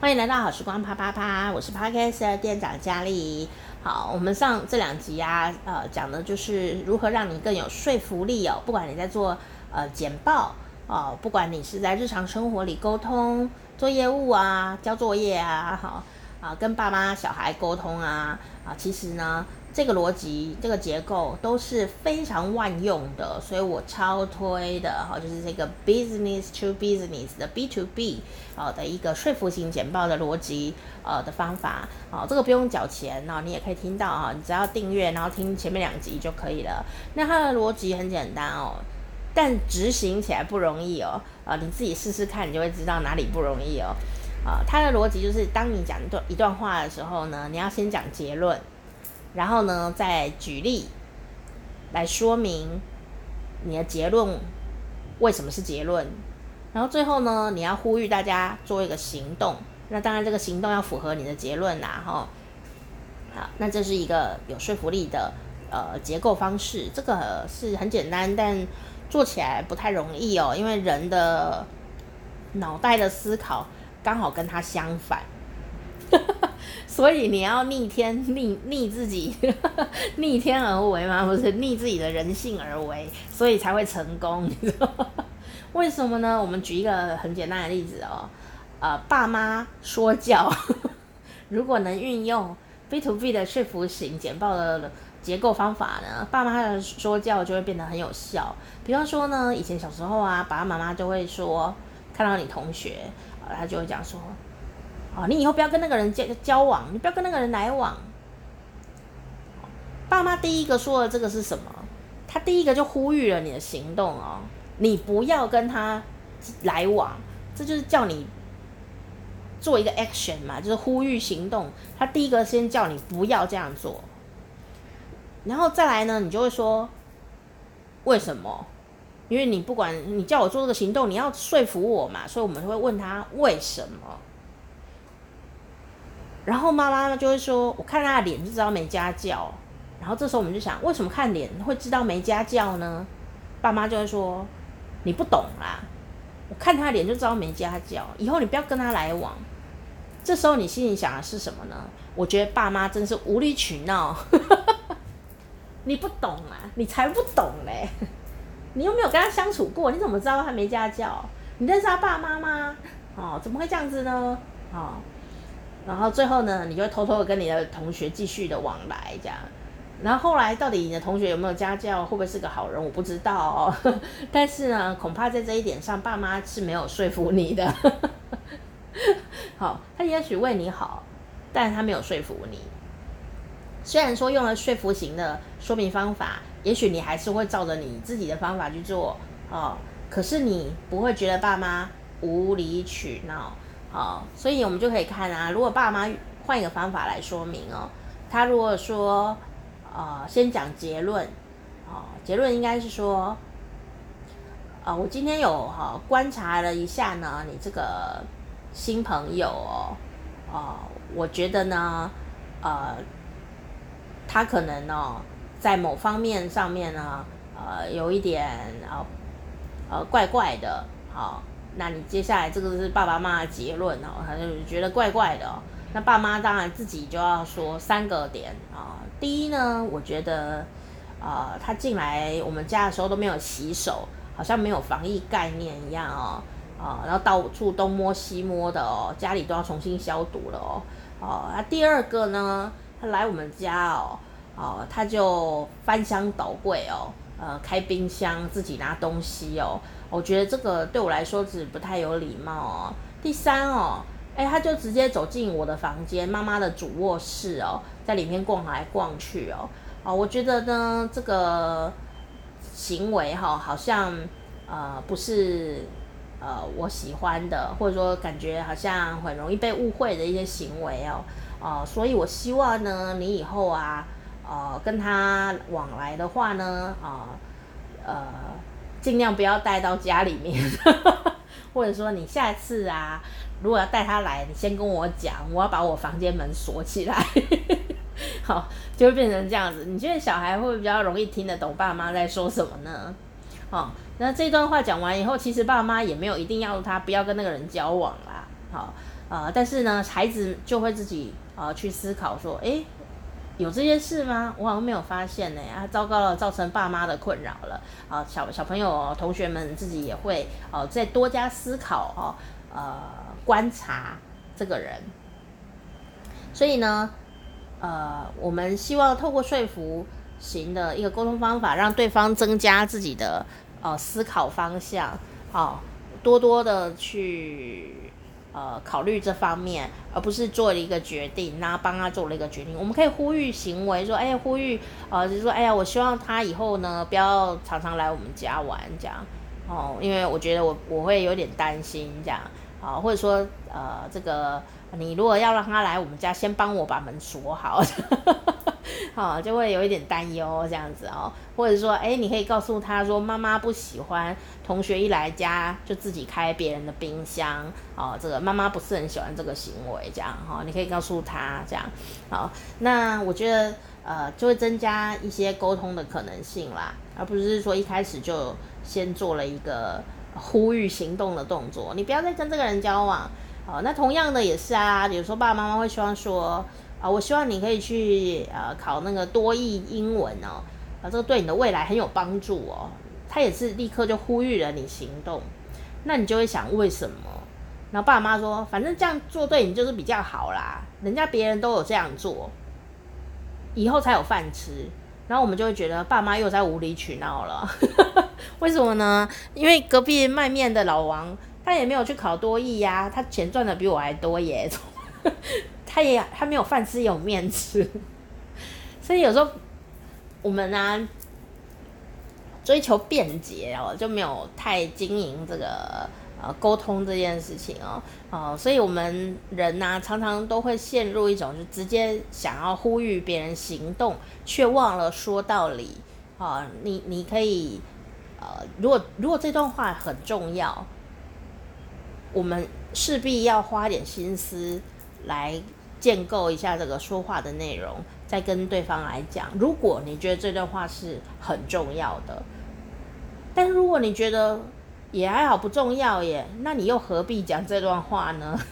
歡迎來到好時光啪啪啪，我是 Parkes 的店長佳麗。好，我們上這兩集啊，呃，講的就是如何讓你更有說服力哦。不管你在做呃簡報哦，不管你是在日常生活裡溝通、做業務啊、交作業啊，好啊，跟爸媽、小孩溝通啊啊，其實呢，這個邏輯、這個結構都是非常萬用的，所以我超推的哈，就是這個 business to business 的 B to B 啊、哦、的一個說服型簡報的邏輯呃的方法啊、哦，這個不用繳錢哦，你也可以聽到啊、哦，你只要訂閱然後聽前面兩集就可以了。那它的邏輯很簡單哦，但執行起來不容易哦，啊、哦，你自己試試看，你就會知道哪裡不容易哦。啊、哦，它的邏輯就是當你講一段一段話的時候呢，你要先講結論。然後呢，再舉例來說明你的結論為什麼是結論？然後最後呢，你要呼籲大家做一個行動。那當然，這個行動要符合你的結論啦，啊，哈。好，那這是一個有說服力的呃結構方式。這個是很簡單，但做起來不太容易哦，因為人的腦袋的思考剛好跟它相反。所以你要逆天，逆，逆自己呵呵，逆天而為嗎？不是逆自己的人性而為，所以才會成功。你知道嗎？為什麼呢？我們舉一個很簡單的例子哦，啊、呃，爸媽說教呵呵，如果能運用 B to B 的說服型簡報的結構方法呢，爸媽的說教就會變得很有效。比方說呢，以前小時候啊，爸爸媽媽就會說，看到你同學，啊，他就會講說。啊、哦！你以後不要跟那個人交交往，你不要跟那個人來往。爸媽第一個說的這個是什麼？他第一個就呼籲了你的行動哦，你不要跟他來往，這就是叫你做一個 action 嘛，就是呼籲行動。他第一個先叫你不要這樣做，然後再來呢，你就會說為什麼？因為你不管你叫我做這個行動，你要說服我嘛，所以我們就會問他為什麼。然後媽媽就會說：“我看他的臉就知道沒家教。”然後這時候我們就想，為什麼看臉會知道沒家教呢？爸媽就會說：“你不懂啦，我看他的臉就知道沒家教，以後你不要跟他來往。”這時候你心裡想的是什麼呢？我覺得爸媽真是無理取鬧。 你不懂啊，你才不懂嘞！你又沒有跟他相處過，你怎麼知道他沒家教？你認識他爸媽嗎？哦，怎麼會這樣子呢？哦。然後最後呢，你就偷偷的跟你的同學繼續的往來，這樣。然後後來到底你的同學有沒有家教，會不會是個好人，我不知道哦。但是呢，恐怕在這一點上，爸媽是沒有說服你的。 好，他也許為你好，但是他沒有說服你。雖然說用了說服型的說明方法，也許你還是會照着你自己的方法去做哦。可是你不會覺得爸媽無理取鬧。好、哦，所以我們就可以看啊。如果爸媽換一個方法來說明哦，他如果說，啊、呃、先講結論，啊、哦，結論應該是說，啊、哦，我今天有哈、哦、觀察了一下呢，你這個新朋友、哦，呃、哦，我覺得呢，啊、呃，他可能呢、哦，在某方面上面呢，呃，有一點啊、哦呃，怪怪的，啊、哦。那你接下來這個是爸爸媽媽的結論哦，他就覺得怪怪的、哦。那爸媽當然自己就要說三個點啊、呃。第一呢，我覺得，啊、呃，他進來我們家的時候都沒有洗手，好像沒有防疫概念一樣哦。啊、呃，然後到處東摸西摸的哦，家裡都要重新消毒了哦。呃、啊，第二個呢，他來我們家哦，哦、呃，他就翻箱倒櫃哦，呃，開冰箱自己拿東西哦。我覺得這個對我來說是不太有禮貌哦。第三哦，哎、欸，他就直接走進我的房間，媽媽的主臥室哦，在裡面逛來逛去哦。啊、哦，我覺得呢，這個行為哈、哦，好像呃不是呃我喜歡的，或者說感覺好像很容易被誤會的一些行為哦。啊、呃，所以我希望呢，你以後啊，呃，跟他往來的話呢，啊、呃，呃。盡量不要帶到家裡面呵呵，或者說你下次啊，如果要帶他來，你先跟我講，我要把我房間門鎖起來呵呵，好，就會變成這樣子。你覺得小孩會比較容易聽得懂爸媽在說什麼呢？好、哦，那這段話講完以後，其實爸媽也沒有一定要他不要跟那個人交往啦，好、哦，啊、呃，但是呢，孩子就會自己啊、呃、去思考說，誒、欸……有這些事嗎？我好像沒有發現呢、欸。啊，糟糕了，造成爸媽的困擾了。啊、呃，小小朋友、哦、同學們自己也會哦、呃，再多加思考哦，呃，觀察這個人。所以呢，呃，我們希望透過說服型的一個溝通方法，讓對方增加自己的呃思考方向，哦，多多的去。呃，考慮這方面，而不是做了一個決定，那幫他做了一個決定，我們可以呼籲行為，說，哎，呼籲，呃，就是說，哎呀，我希望他以後呢，不要常常來我們家玩，這樣，哦，因為我覺得我我會有點擔心，這樣，啊、哦，或者說，呃，這個你如果要讓他來我們家，先幫我把門鎖好。 好，就會有一點擔憂這樣子哦、喔，或者說，誒、欸，你可以告訴他說，媽媽不喜歡同學一來家就自己開別人的冰箱，哦、喔，這個媽媽不是很喜歡這個行為，這樣哈、喔，你可以告訴他這樣。好，那我覺得，呃，就會增加一些溝通的可能性啦，而不是說一開始就先做了一個呼籲行動的動作，你不要再跟這個人交往。好、喔，那同樣的也是啊，有時候爸爸媽媽會希望說。啊，我希望你可以去呃考那個多益英文哦，啊，這個對你的未來很有幫助哦。他也是立刻就呼籲了你行動，那你就會想為什麼？然後爸媽說，反正這樣做對你就是比較好啦，人家別人都有這樣做，以後才有飯吃。然後我們就會覺得爸媽又在無理取鬧了， 為什麼呢？因為隔壁賣麵的老王他也沒有去考多益呀、啊，他錢賺的比我還多耶。 他也他沒有飯吃，有麵吃， 所以有時候我們呢、啊、追求便捷哦、喔，就沒有太經營這個呃溝、啊、通這件事情哦、喔啊，所以我們人呢、啊、常常都會陷入一種就直接想要呼籲別人行動，卻忘了說道理啊。你你可以呃，如果如果這段話很重要，我們勢必要花點心思，來建構一下這個說話的內容，再跟對方來講。如果你覺得這段話是很重要的，但如果你覺得也還好不重要耶，那你又何必講這段話呢？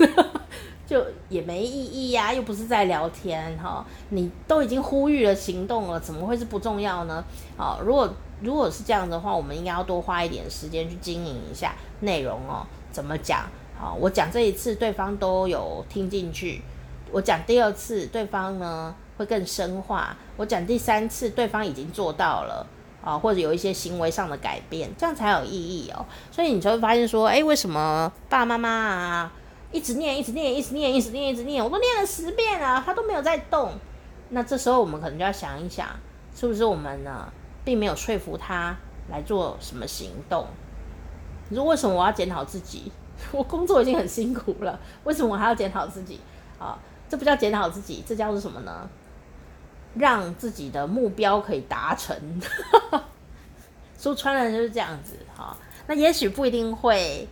就也沒意義呀，又不是在聊天哈。你都已經呼籲了行動了，怎麼會是不重要呢？好，如果如果是這樣的話，我們應該要多花一點時間去經營一下內容哦，怎麼講？啊、哦，我講這一次對方都有聽進去，我講第二次對方呢會更深化，我講第三次對方已經做到了啊、哦，或者有一些行為上的改變，這樣才有意義哦。所以你就會發現說，哎，為什麼爸爸媽媽啊一直念，一直念，一直念，一直念，一直念，我都念了十遍了、啊，他都沒有在動。那這時候我們可能就要想一想，是不是我們呢並沒有說服他來做什麼行動？你說為什麼我要檢討自己？我工作已經很辛苦了，為什麼我還要檢討自己？啊、哦，這不叫檢討自己，這叫做什麼呢？讓自己的目標可以達成。呵呵說穿了就是這樣子哈、哦。那也許不一定會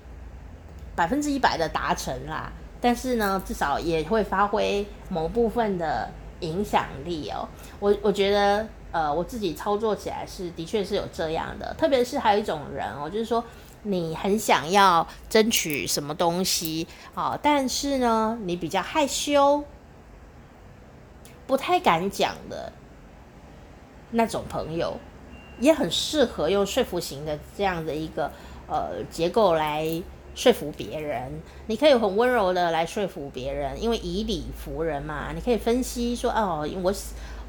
百分之一百的達成啦，但是呢，至少也會發揮某部分的影響力哦。我我覺得，呃，我自己操作起來是的確是有這樣的，特別是還有一種人哦，就是說。你很想要爭取什麼東西，哦，但是呢，你比較害羞，不太敢講的那種朋友，也很適合用說服型的這樣的一個呃結構來說服別人。你可以很溫柔的來說服別人，因為以理服人嘛。你可以分析說，哦，我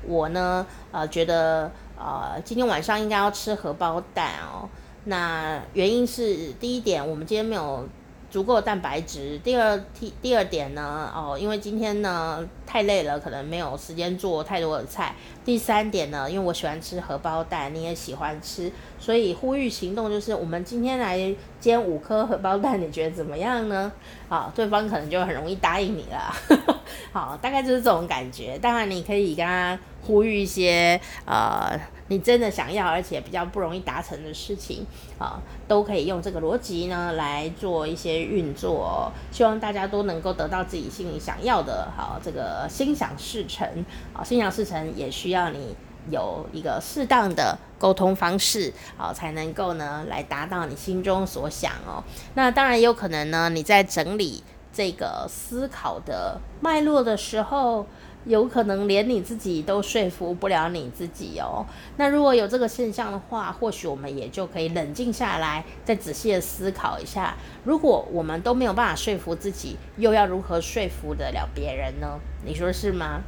我呢，呃，覺得呃，今天晚上應該要吃荷包蛋哦。那原因是第一點，我們今天沒有足夠的蛋白質。第二第第二點呢，哦，因為今天呢太累了，可能沒有時間做太多的菜。第三點呢，因為我喜歡吃荷包蛋，你也喜歡吃，所以呼籲行動就是我們今天來煎五顆荷包蛋，你覺得怎麼樣呢？啊、哦，對方可能就很容易答應你了。 好，大概就是這種感覺。當然，你可以跟他呼籲一些呃。你真的想要而且比較不容易達成的事情啊，都可以用這個邏輯呢來做一些運作哦。希望大家都能夠得到自己心裡想要的，好，啊，這個心想事成啊。心想事成也需要你有一個適當的溝通方式啊，才能夠呢來達到你心中所想哦。那當然也有可能呢，你在整理這個思考的脈絡的時候，有可能連你自己都說服不了你自己哦。那如果有這個現象的話，或許我們也就可以冷靜下來，再仔細的思考一下。如果我們都沒有辦法說服自己，又要如何說服得了別人呢？你說是嗎？